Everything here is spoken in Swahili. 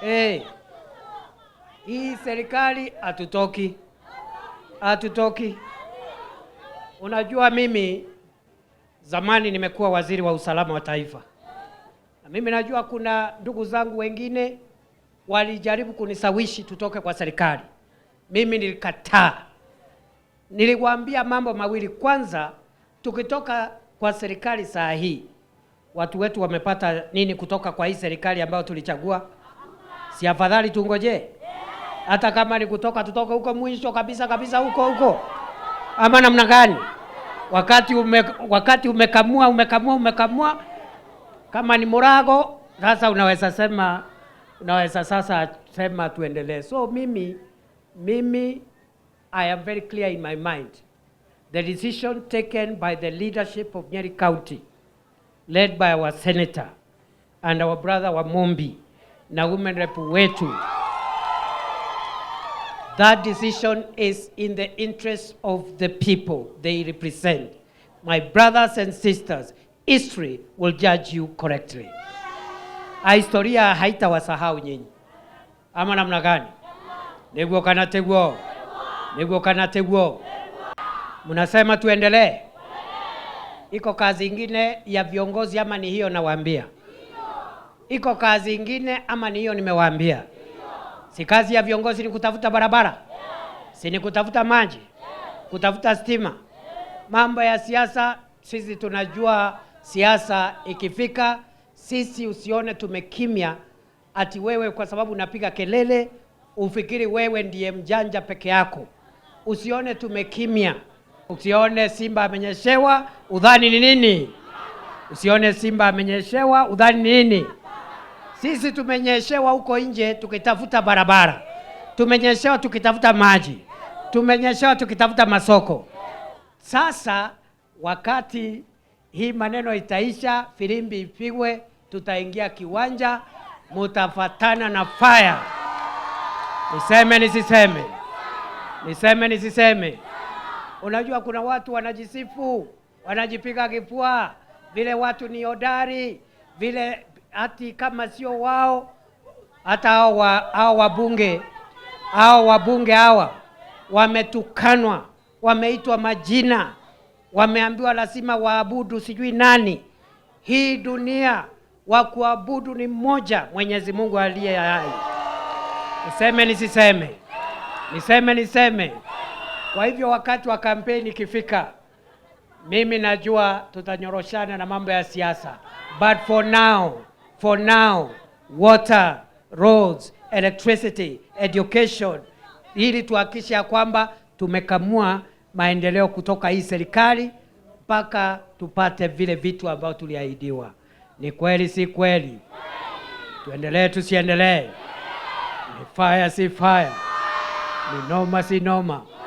Hey, hii serikali hatutoki, hatutoki. Unajua, mimi zamani nimekuwa waziri wa usalama wa taifa, na mimi najua kuna ndugu zangu wengine walijaribu kunisawishi tutoke kwa serikali. Mimi nilikataa, niliwaambia mambo mawili. Kwanza, tukitoka kwa serikali saa hii, watu wetu wamepata nini kutoka kwa hii serikali ambayo tulichagua? Si afadhali tungoje hata kama ni kutoka tutoke huko mwisho kabisa kabisa huko huko, ama namna gani? Wakati ume, wakati umekamua umekamua umekamua, kama ni murago sasa, unaweza sema unaweza sasa sema tuendelee. So mimi mimi I am very clear in my mind the decision taken by the leadership of Nyeri County led by our senator and our brother Wamombi na women rep wetu. That decision is in the interest of the people they represent. My brothers and sisters, history will judge you correctly. a Historia haitawasahau nyinyi, ama namna gani? Niguo kana teguo, niguo kana teguo. Mnasema tuendelee? Iko kazi ingine ya viongozi ama ni hiyo? Nawaambia iko kazi ingine ama ni hiyo? Nimewaambia si kazi ya viongozi ni kutafuta barabara si ni kutafuta maji kutafuta stima Mambo ya siasa sisi tunajua siasa ikifika sisi, usione tumekimya ati wewe kwa sababu unapiga kelele ufikiri wewe ndiye mjanja peke yako. Usione tumekimya, usione simba amenyeshewa udhani ni nini, usione simba amenyeshewa udhani ni nini sisi tumenyeshewa huko nje tukitafuta barabara, tumenyeshewa tukitafuta maji, tumenyeshewa tukitafuta masoko. Sasa wakati hii maneno itaisha, filimbi ipigwe, tutaingia kiwanja, mutafatana na faya. Niseme nisiseme? Niseme nisiseme? Unajua, kuna watu wanajisifu, wanajipiga kifua vile watu ni hodari vile ati kama sio wao, hata hao wabunge hao wabunge hawa wametukanwa, wameitwa majina, wameambiwa lazima waabudu sijui nani. Hii dunia wa kuabudu ni mmoja, Mwenyezi Mungu aliye hai. Niseme nisiseme? Niseme niseme? Kwa hivyo wakati wa kampeni ikifika, mimi najua tutanyoroshana na mambo ya siasa, but for now For now, water, roads, electricity, education, ili tuhakikishe ya kwamba tumekamua maendeleo kutoka hii serikali mpaka tupate vile vitu ambavyo tuliahidiwa. Ni kweli, si kweli? Tuendelee, tusiendelee? Ni fire, si fire? Ni noma, si noma?